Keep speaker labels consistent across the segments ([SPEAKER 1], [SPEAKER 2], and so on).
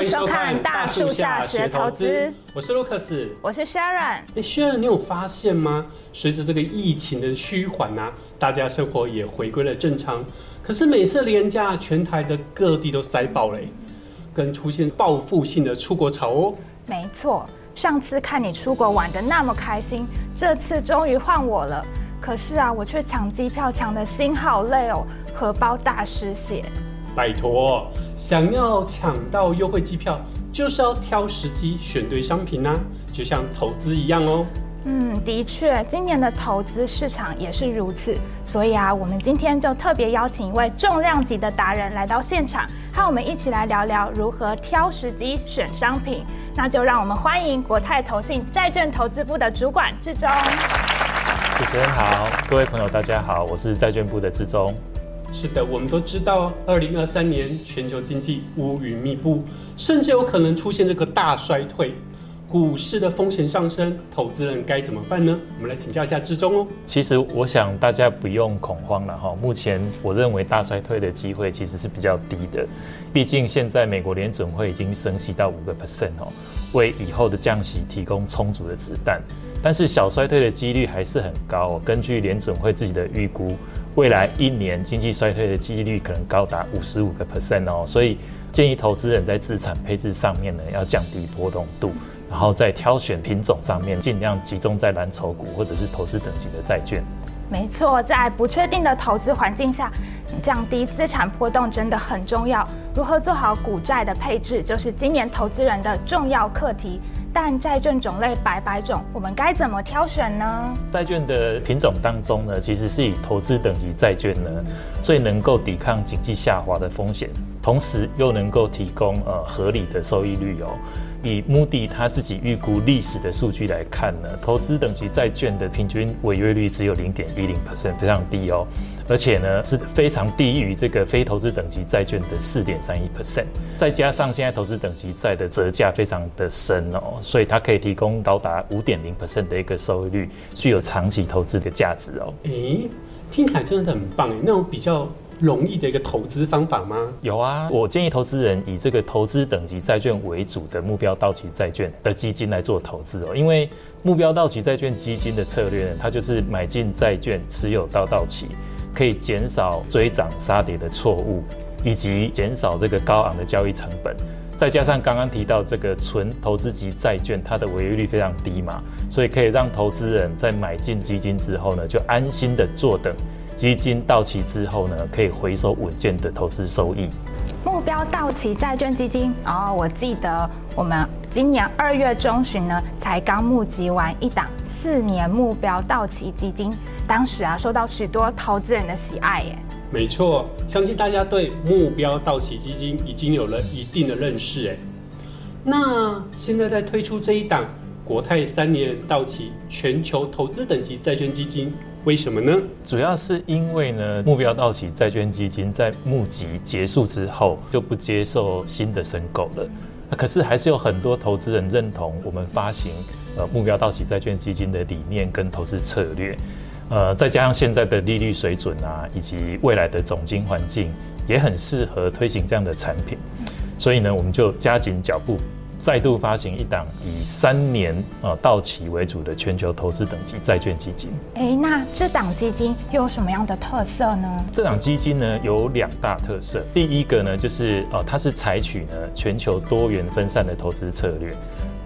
[SPEAKER 1] 歡
[SPEAKER 2] 迎收看大樹
[SPEAKER 1] 下學投資，我是 Lucas，我是
[SPEAKER 2] Sharon。哎，Sharon，你有發現嗎？隨着這個疫情的趨緩啊，大家生活也回歸了正常。可是每次連假全台的各地都塞爆了，跟出現報復性的出國潮哦。
[SPEAKER 1] 沒錯，上次看你出國玩的那麼開心，這次終於換我了。可是啊，我卻搶機票搶的心好累哦，荷包大失血。
[SPEAKER 2] 拜托。想要搶到優惠機票，就是要挑時機、選對商品吶，啊，就像投資一樣哦。嗯，
[SPEAKER 1] 的確，今年的投資市場也是如此。所以啊，我們今天就特別邀請一位重量級的達人來到現場，和我們一起來聊聊如何挑時機選商品。那就讓我們歡迎國泰投信債券投資部的主管志忠。
[SPEAKER 2] 主持
[SPEAKER 3] 人好，各位朋友大家好，我是債券部的志忠。
[SPEAKER 2] 是的，我們都知道，二零二三年全球經濟烏雲密布，甚至有可能出現這個大衰退，股市的風險上升，投資人該怎麼辦呢？我們來請教一下志忠哦。
[SPEAKER 3] 其實我想大家不用恐慌了哈，目前我認為大衰退的機會其實是比較低的，畢竟現在美國聯準會已經升息到五個 percent 哦，為以後的降息提供充足的子彈，但是小衰退的幾率還是很高。根據聯準會自己的預估。未來一年經濟衰退的幾率可能高達五十五個 percent 哦，所以建議投資人在資產配置上面呢，要降低波動度，然後在挑選品種上面盡量集中在藍籌股或者是投資等級的債券。
[SPEAKER 1] 沒錯，在不確定的投資環境下，降低資產波動真的很重要。如何做好股債的配置，就是今年投資人的重要課題。但債券種類百百種，我們該怎麼挑選呢？
[SPEAKER 3] 債券的品種當中呢，其實是以投資等級債券呢，最能夠抵抗經濟下滑的風險，同時又能夠提供呃合理的收益率哦。以穆迪他自己預估歷史的數據來看呢，投資等級債券的平均違約率只有零點一零%非常低哦，而且呢是非常低於這個非投資等級債券的四點三一%，再加上現在投資等級債的折價非常的深哦，所以它可以提供高達五點零%的一個收益率，具有長期投資的價值哦。
[SPEAKER 2] 誒，聽起來真的很棒，那我比較容易的一個投資方法嗎？
[SPEAKER 3] 有啊，我建議投資人以這個投資等級債券為主的目標到期債券的基金來做投資哦。因為目標到期債券基金的策略呢，它就是買進債券持有到到期，可以減少追漲殺跌的錯誤，以及減少這個高昂的交易成本。再加上剛剛提到這個純投資級債券，它的違約率非常低嘛，所以可以讓投資人在買進基金之後呢，就安心的坐等。基金到期之後呢，可以回收穩健的投資收益。
[SPEAKER 1] 目標到期債券基金哦，oh, 我記得我們今年二月中旬呢，才剛募集完一檔四年目標到期基金，當時啊，受到許多投資人的喜愛。哎，
[SPEAKER 2] 沒錯，相信大家對目標到期基金已經有了一定的認識。哎，
[SPEAKER 1] 那現在
[SPEAKER 2] 在推出這一檔國泰三年到期全球投資等級債券基金。為什麼呢？主要是因為呢，目標
[SPEAKER 3] 到期債券基金在募集結束之後就不接受新的申購了。那可是還是有很多投資人認同我們發行呃目標到期債券基金的理念跟投資策略，呃，再加上現在的利率水準啊，以及未來的總經環境也很適合推行這樣的產品，所以呢，我們就加緊腳步。再度發行一檔以三年到期為主的全球投資等級債券基金。
[SPEAKER 1] 哎，那這檔基金又有什麼樣的特色呢？
[SPEAKER 3] 這檔基金呢，有兩大特色，第一個呢就是、哦、它是採取呢，全球多元分散的投資策略，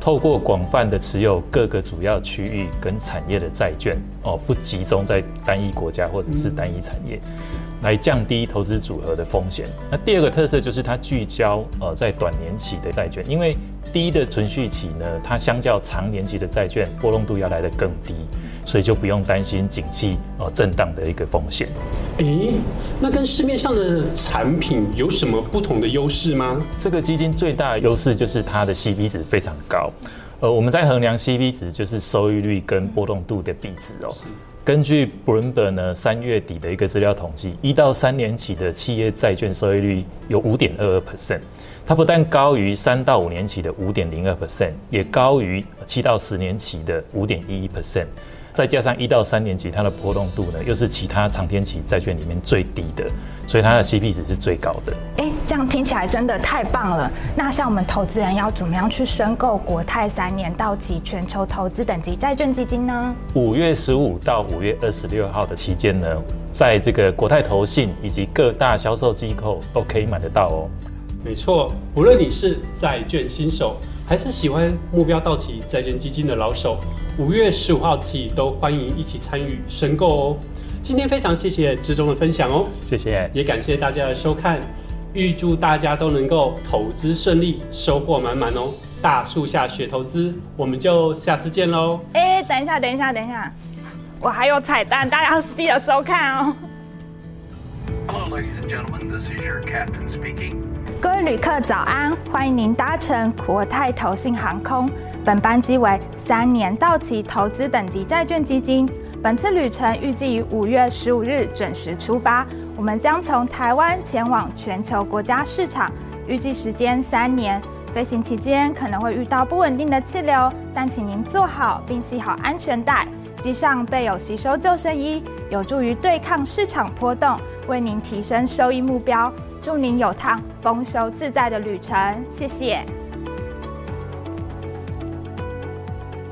[SPEAKER 3] 透過廣泛的持有各個主要區域跟產業的債券哦，不集中在單一國家或者是單一產業。嗯來降低投資組合的風險。那第二個特色就是它聚焦呃在短年期的債券，因為低的存續期呢，它相較長年期的債券波動度要來得更低，所以就不用擔心景氣呃震盪的一個風險。誒，那跟市面上的產品有什麼不同的優勢嗎？這個基金最大的優勢就是它的 CP 值非常高。呃，我們在衡量 C V 值，就是收益率跟波動度的比值哦。根據 Bloomberg 呢，三月底的一個資料統計，一到三年期的企業債券收益率有五點二二 percent，它不但高於三到五年期的五點零二 percent，也高於七到十年期的五點一一 percent。再加上一到三年期，它的波動度呢又是其他長天期債券裡面最低的，所以它的 CP 值是最高的。
[SPEAKER 1] 哎、欸，這樣聽起來真的太棒了！那像我們投資人要怎麼樣去申購國泰三年到期全球投資等級債券基金呢？
[SPEAKER 3] 五月十五到五月二十六號的期間呢，在這個國泰投信以及各大銷售機構都可以買得到哦。
[SPEAKER 2] 沒錯，無論你是債券新手。還是喜歡目標到期債券基金的老手，五月十五號起都歡迎一起參與申購哦。今天非常謝謝志忠的分享哦，謝謝，也感謝大家的收看，預祝大家都能夠投資順利，收穫滿滿哦。大樹下學投資，我們就下次見嘍。
[SPEAKER 1] 哎，等一下，等一下，等一下，我還有彩蛋，大家要記得收看哦、喔。
[SPEAKER 2] Hello, ladies and gentlemen, this is your captain
[SPEAKER 1] speaking。各位旅客早安，歡迎您搭乘國泰投信航空。本班機為三年到期投資等級債券基金。本次旅程預計於五月十五日準時出發，我們將從台灣前往全球國家市場，預計時間三年。飛行期間可能會遇到不穩定的氣流，但請您坐好並繫好安全帶。機上備有吸收救生衣，有助於對抗市場波動，為您提升收益目標。祝您有趟豐收自在的旅程，謝謝。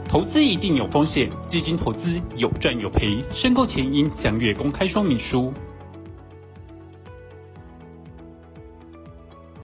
[SPEAKER 2] 投資一定有風險，基金投資有賺有賠，申購
[SPEAKER 1] 前應詳閱公開說明書。